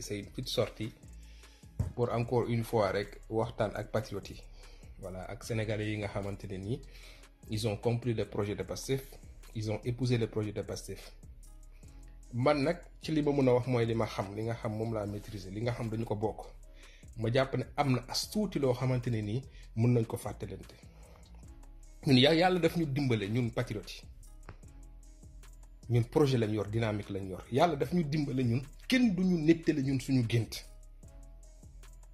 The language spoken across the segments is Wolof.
c'est une petite sortie pour encore une fois avec waxtaan ak patriotes voilà ak sénégalais yi nga xamante ne ils ont compris le projet de Pastef ils ont épousé le projet de Pastef man nak ci li ma mën a wax mooy li ma xam li nga xam moom laa maîtriser li nga xam dañu ko bokk ma jàpp ne am na as tuuti loo xamante ne nii mën nañ ko fàttalante ñun yàlla daf ñu dimbale ñun patriotes ñun projet lañ yor dynamique lañ yor yàlla daf ñu dimbale ñun kenn du ñu nettali ñun suñu gént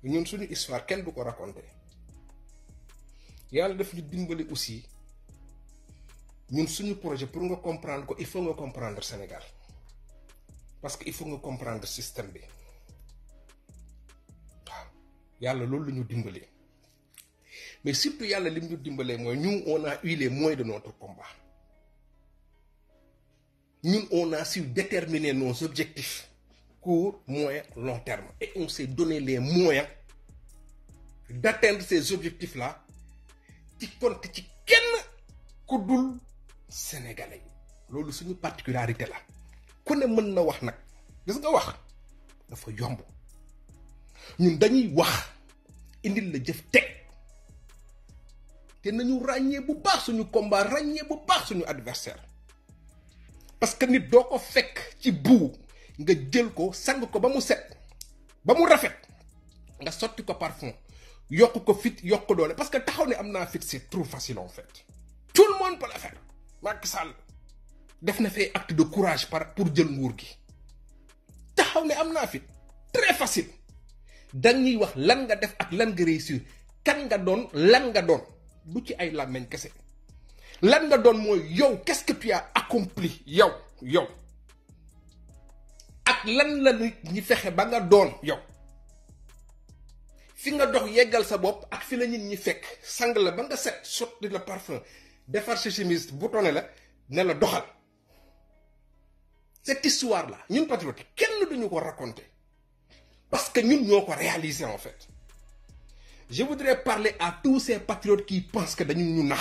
ñun suñu histoire kenn du ko raconté yàlla daf ñu dimbale aussi ñun suñu projet pour nga comprendre ko il faut nga comprendre Sénégal parce que il faut nga comprendre système bi waaw yàlla loolu la ñu dimbale mais surtout yàlla lim ñu dimbalee mooy ñu on a eu les moyens de notre combat nous, on a su déterminer nos objectifs court, moyen, long terme. Et on s'est donné les moyens d'atteindre ces objectifs-là qui comptent ci ken ku dul sénégalais C'est une particularité là. ku ne mën na wax nak. gis nga wax dafa yomb ñun dañuy wax indil la nous teg te nañu nous bu baax suñu combat ràññee bu baax suñu adversaire parce que nit doo ko fekk ci bou nga jël ko sang ko bamou set bamou rafet nga sorti ko parfum yokk ko fit yokk ko doole parce que taxaw ni amna fit c'est trop facile en fait tout le monde peut le faire Macky Sall def na fay acte de courage par pour jël nguur gi taxaw ni amna fit très facile dañuy wax lan nga def ak lan nga réussir kan nga doon lan nga doon du ci ay làmmeñ kese lan nga doon moy yow qu'est-ce que tu as accompli yow yow ak lan la ñi fexé ba nga doon yow fi nga dox yeggal sa bop ak fi la ñi ñi fek sang la ba nga set de la parfum defar sa chemise boutonné la né la doxal cette histoire là ñun patriote kenn duñu ko raconter parce que ñun ñoko réaliser en fait je voudrais parler à tous ces patriotes qui pensent que dañu ñu nax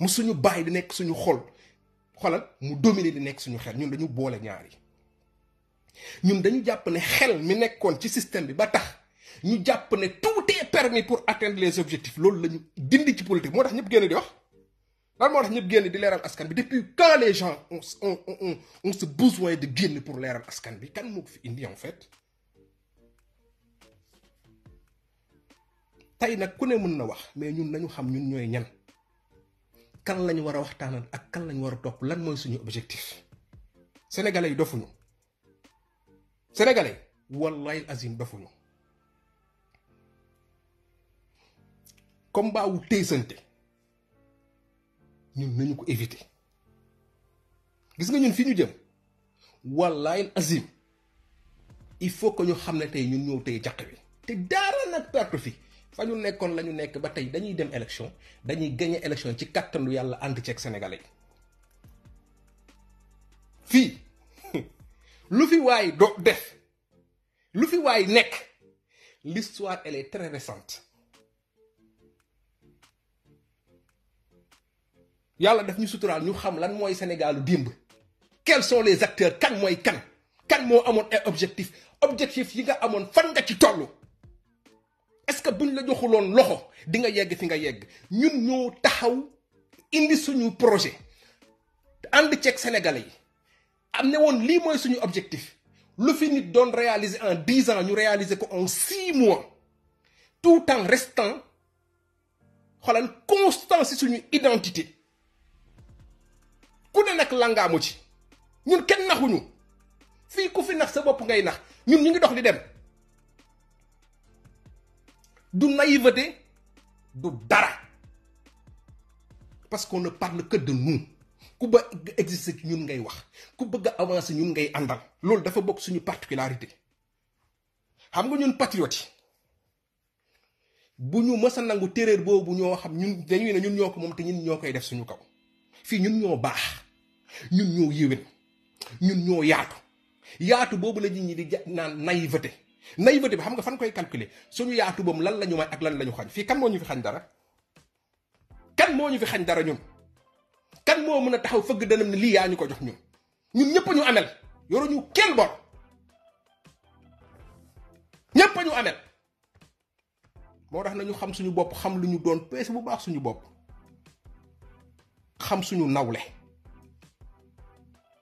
mu suñu bàyyi di nekk suñu xol xolal mu dominer di nekk suñu xel ñun dañu boole ñaar yi ñun dañu jàpp ne xel mi nekkoon ci système bi ba tax ñu jàpp ne tout est permis pour atteindre les objectifs loolu lañu dindi ci politique moo tax ñëpp génn di wax lan moo tax ñëpp génn di leeral askan bi depuis quand les gens ont on on on ce besoin de génn pour leeral askan bi kan moo ko fi indi en fait tey nag ku ne mën na wax mais ñun nañu xam ñun ñooy ñan kan lañ war a waxtaanal ak kan lañu war a topp lan mooy suñu objectif sénégalais yi dofuñu sénégalais wallahi azim dofuñu comme wu téysante ñun nañu ko éviter gis nga ñun fi ñu jëm wallahi azim il faut que ñu xam ne tey ñun ñëw tey jaq bi te daara nag perte fi fañu ñu nekkoon la ñu nekk ba tey dañuy dem élection dañuy gagner élection ci kàttanu yàlla ànd ceeg sénégalais fii lu fi waay do def lu fi waay nekk l'histoire elle est très récente yàlla daf ñu sutural ñu xam lan mooy sénégalu dimb quels sont les acteurs kan mooy kan kan moo amoon ay objectif objectif yi nga amoon fan nga ci toll est-ce que buñ la joxuloon loxo di nga yegg fi nga yegg ñun ñoo taxaw indi suñu projet and ceeg sénégalais yi am ne woon lii suñu objectif lu fi nit doon réaliser en 10 ans ñu réaliser ko en 6 mois tout en restant xoolal constant ci suñu identité ku ne nag langaamu ci ñun kenn naxuñu fi ku fi nax sa bop ngay nax ñun ñu ngi dox di dem du naïveté du dara parce qu'on ne parle que de nous ku existe, ci ñun ngay wax ku bëgg avancer ñun ngay andal loolu dafa suñu particularité xam nga ñun patriote bu ñu mësa nangu téréer boobu ñoo xam ñun dañuy ne ñun ñoo ko moom te ñun ñoo koy def suñu kaw fii ñun ñoo baax ñun ñoo yéwén ñun ñoo yaatu yaatu la naïveté naïveté bi xam nga fan koy calculer suñu yaatu bom lan lañu may ak lan lañu ñu xañ fii kan moñu fi xañ dara kan moñu fi xañ dara ñun kan mo mëna taxaw fëgg danam ne lii yaa ko jox ñun ñun ñëpp ñu amel yoro ñu kenn bor ñëpp ñu amel mo tax nañu xam suñu bop xam luñu doon peese bu baax suñu bop xam suñu nawlé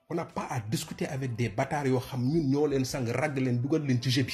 on n'a pas à discuter avec des bâtards yo xam ñun ñoo leen sang rag leen dugal leen ci jeu bi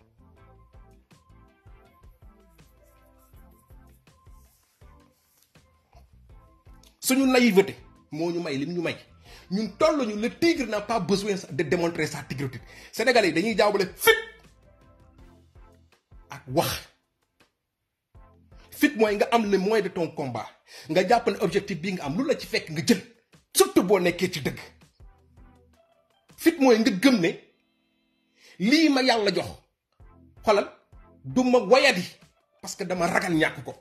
nay naïveté moo ñu may lim ñu may ñun toll ñu le tigre n'a pas besoin de démontrer sa tigritude sénégalais yi dañuy jaawale fit ak wax fit mooy nga am le moyen de ton combat nga jàpp ne objectif bi nga am lu la ci fekk nga jël surtout boo nekkee ci dëgg fit mooy nga gëm ne lii ma yàlla jox xolal du ma wayadi parce dama ragal ñàkk ko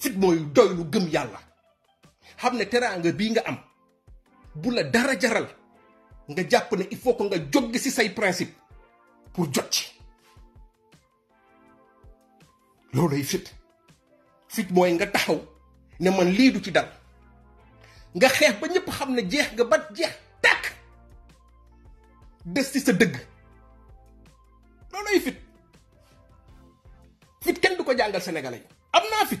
fit mooy doy lu gëm yàlla xam ne teraanga bii nga am bu la dara jaral nga jàpp ne il faut que nga jógg ci say principe pour jot ci looluy fit fit mooy nga taxaw ne man lii du ci dal nga xeex ba ñëpp xam ne jeex nga ba jeex tàkk des ci sa dëgg looluy fit fit kenn du ko jàngal sénégalais am naa fit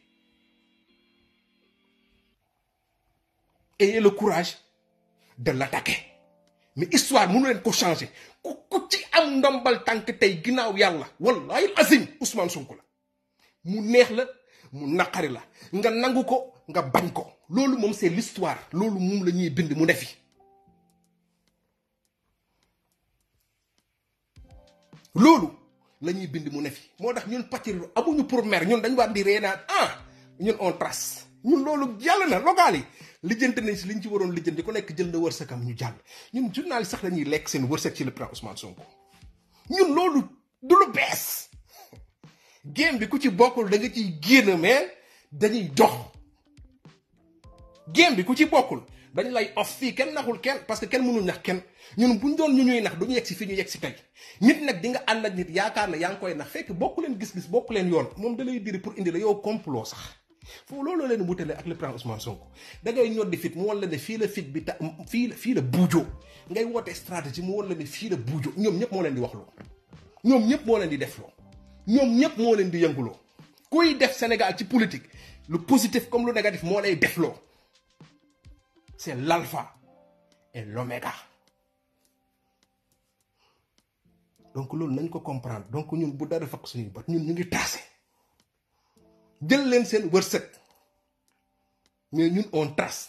ayez le courage de l'attaquer mais histoire nous peut ko changer ci am ndombal que tay ginaaw yalla wallahi azim Ousmane Sonko la mu neex la mu un la nga nga ko c'est l'histoire lolou mom lañuy bind mu nefi lolou lañuy bind mu nefi motax ñun pour mer ñun dañ war di ah ñun on trace ñun On yalla na lijeenté nañ ci liñ ci waroon lijeenté ku nekk jël na wërsëgam ñu jàll ñun journal sax dañuy lekk seen wërsëg ci le prince Ousmane Sonko ñun loolu du lu bees game bi ku ci bokkul da nga ciy génn mais dañuy dox game bi ku ci bokkul dañ lay off fii kenn naxul kenn parce que kenn mënul nax kenn ñun buñ doon ñu ñuy nax duñu yegg si ñu yegg si tey nit nag di nga ànd ak nit yaakaar na yaa koy nax fekk bokku leen gis-gis bokku leen yoon moom da lay diri pour indi la yow complot sax foofu looloo leen wutale ak le plan Ousmane Sonko da ngay ñoddi fit mu wan la ne fii la fit bi ta fii la fii la buujoo ngay woote stratégie mu wan la ne fii la buujoo ñoom ñëpp moo leen di wax loo ñoom ñëpp moo leen di def loo ñoom ñëpp moo leen di yënguloo kuy def Sénégal ci politique lu positif comme lu négatif moo lay def loo c'est l'alpha et l'oméga donc loolu nañ ko comprendre donc ñun bu dara fakk suñuy ba ñun ñu ngi taase jël leen seen wërsëg mais ñun on trace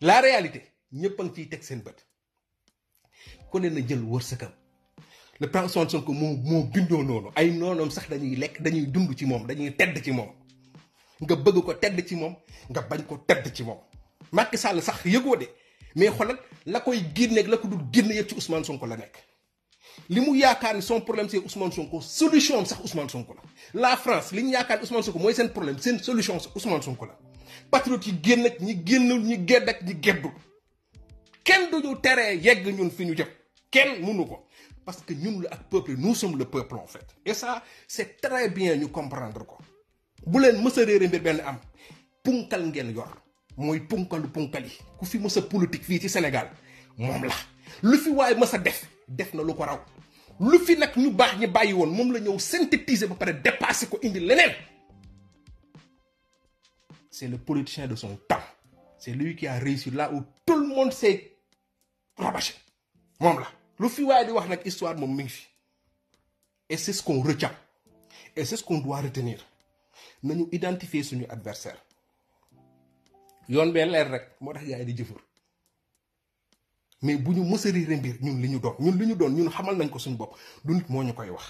la réalité ñëpp a ngi teg seen bët ku ne na jël wërsëgam le plan Ousmane Sonko moo moo bindoo noonu ay noonoom sax dañuy lekk dañuy dund ci moom dañuy tedd ci moom nga bëgg ko tedd ci moom nga bañ ko tedd ci moom Macky Sall sax yëgoo de mais xoolal la koy génneeg la ko dul génne yëpp ci Ousmane ko la nekk li mu yaakaar ni son problème c'est Ousmane Sonko solution c'est sax Ousmane Sonko la la France li ñu yaakaar Ousmane Sonko mooy seen problème seen solution sax Ousmane Sonko la patriotes yi génn ak ñi génnul ñi gedd ak ñi geddul kenn duñu teree yegg ñun fi ñu jëm kenn mënu ko parce que ñun la ak peuple nous sommes le peuple en fait et ça c'est très bien ñu comprendre ko bu leen mës a mbir benn am punkal ngeen yor mooy punkalu punkal yi ku fi mës politique fii ci Sénégal moom la lu fi waaye mës def def na lu ko raw lu fi nak ñu bax ñi bàyyi woon la ñëw synthétiser ba paré dépasser ko indi leneen c'est le politicien de son temps c'est lui qui a réussi là où tout le monde s'est rabâché mom la lu fi way di wax nak histoire mom mi fi et c'est ce qu'on retient et c'est ce qu'on doit retenir nañu identifier suñu adversaire yoon bé leer rek moo tax gars di jëfur mais bu ñu mës a mbir ñun li ñu doon ñun li ñu doon ñun xamal nañ ko suñu bopp du nit moo ñu koy wax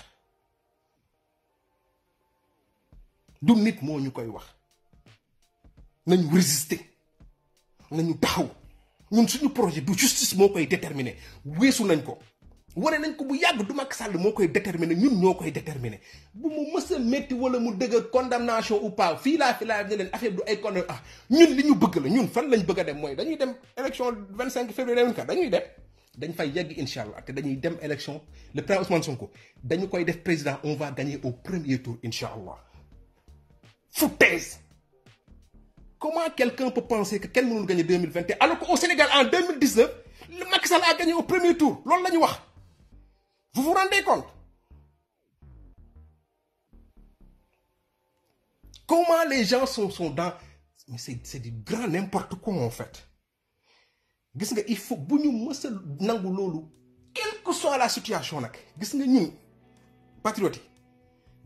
du nit moo ñu koy wax nañu résister nañu taxaw ñun suñu projet du justice moo koy déterminer weesu nañ ko Vous nañ ko bu du Macky Sall koy déterminer ñun déterminer bu mu wala mu condamnation pas fi du ay ah, ñun li fan lañ dem dañuy dem élection 25 février dañuy dañ fay yegg le président on va gagner au premier tour comment quelqu'un peut penser que kenn mënul gagner 2021 alors au Sénégal en 2019 le Macky a gagné au premier tour vous vous rendez compte Comment les gens sont, dans... c'est du grand n'importe quoi en fait. il faut que nous, nous quelle que soit la situation Nous, nous nga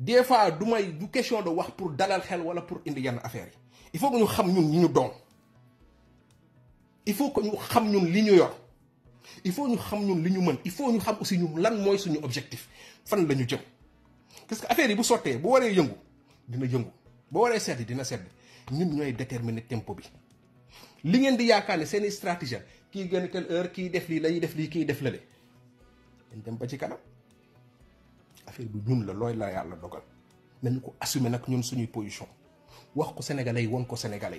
des fois question de pour dalal pour affaire il faut que nous nous ñun il faut que nous nous il faut ñu xam ñun li ñu mën il faut ñu xam aussi ñun lan mooy suñu objectif fan la ñu jëm parce que affaire yi bu sottee bu waree yëngu dina yëngu boo waree sedd dina sedd ñun ñooy déterminer tempo bi li ngeen di yaakaar ne seen i stratégie kii gën heure kii def lii lay def lii kii def lale dañ dem ba ci kanam affaire bi ñun la looy la yàlla dogal nañu ko assumer nag ñun suñuy position wax ko sénégalais yi won ko sénégalais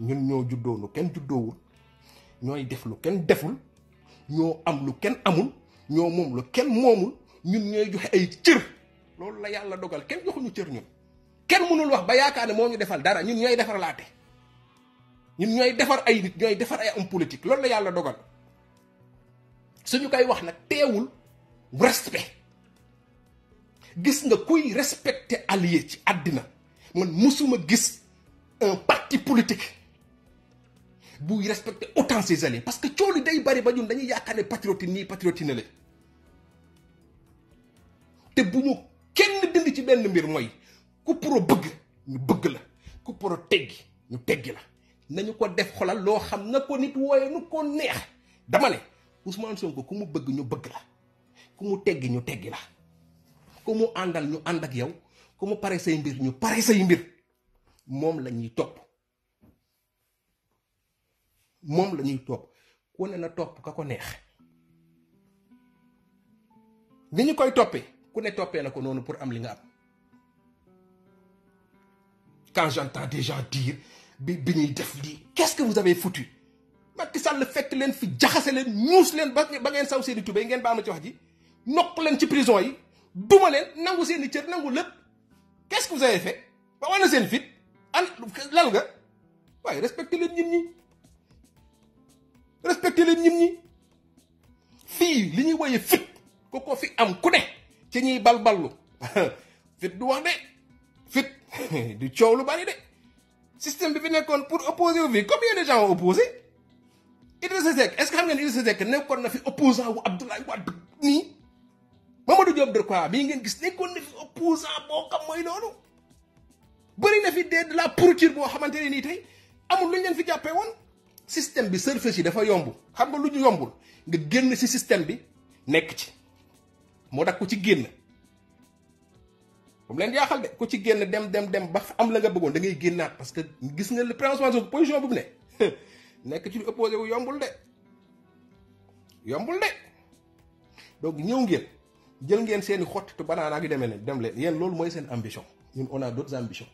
yi ñun ñoo juddoonu kenn juddoowul ñooy def lu kenn deful ñoo am lu kenn amul ñoo moom lu kenn moomul ñun ñooy joxe ay cër loolu la yàlla dogal kenn joxuñu cër ñun kenn mënul wax ba yaakaar ne moo ñu defal dara ñun ñooy defar laate ñun ñooy defar ay nit ñooy defar ay homme politique loolu la yàlla dogal suñu koy wax nag teewul respect gis nga kuy respecter allié ci àddina man musuma gis un parti politique vous respecter autant ses alliés parce que coow day bari ba ñun dañuy ni patriote ñii patriote na la te kenn dënd ci benn mbir mooy ku pro bëgg ñu bëgg la ku pro ñu la nañu ko def xolal xam na ko nit nu ko neex dama ne Ousmane Sonko ku mu bëgg ñu bëgg la ku mu teggi ñu teggi la ku mu ñu yow ku mu say mbir ñu say mbir la topp mom lañuy top, ko ku ne na topp ka neex ni ñu koy topé ku ne topé na nonu pour am li nga am quand j'entends des gens dire bi bi ñuy def li qu'est-ce que vous avez foutu Macky Sall fekk leen fi jaxase leen ñuus leen ba ba ngeen saw seeni tubéy ngeen baama ci wax ji nokku leen ci prison yi duma leen nangu seen cër nangu lepp qu'est-ce que vous avez fait ba war seen fit an lan nga way respecté leen ñun ñi respectez les ñun ñi li fit ko ko fi am ku ne ci fit du wax de fit du coow bari de système bi fi pour opposer au combien de gens ont opposé est-ce que xam Seck fi opposant wu Abdoulaye Wade ni Mamadou Diop ngeen gis na fi opposant xam na fi de la pourriture bo xamanteni ni tay amul leen fi système bi service yi dafa yomb xam nga lu yombul nga génn ci système bi nekk ci moo tax ci génn leen yaaxal de ku ci dem dem dem ba am la nga bëggoon da ngay génnaat parce que gis nga le président position bu mu ci lu opposé yombul de yombul de donc ñëw ngeen jël ngeen seeni gi demee dem leen yéen loolu mooy seen ambition on a d'autres ambitions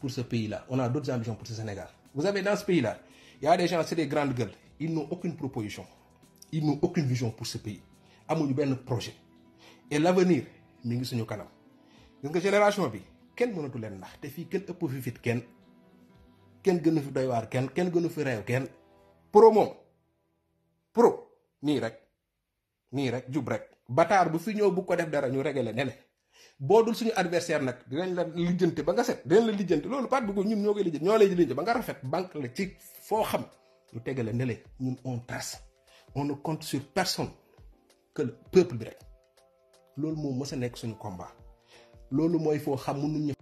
pour ce pays là on a d'autres ambitions pour ce Sénégal vous avez dans ce pays là il y a des gens, c'est des grandes gueules. Ils n'ont aucune proposition. Ils n'ont aucune vision pour ce pays. n'ont aucun projet. et l'avenir, mi ngi suñu kanam. génération bi kenn mënatu leen ndax vivre fi fit peut fi doy fi pour pro nirek, pro ni rek ni rek rek. boo dul suñu adversaire nag dinañ la lijjante ba nga set dinañ la lijjante loolu pat bu ko ñun ñoo koy lijjante ñoo lay lijjante ba nga rafet banque la ci foo xam ñu tegale ne leen ñun on trace on ne compte sur personne que le peuple bi rek loolu moom mës a nekk suñu combat loolu mooy foo xam mënuñu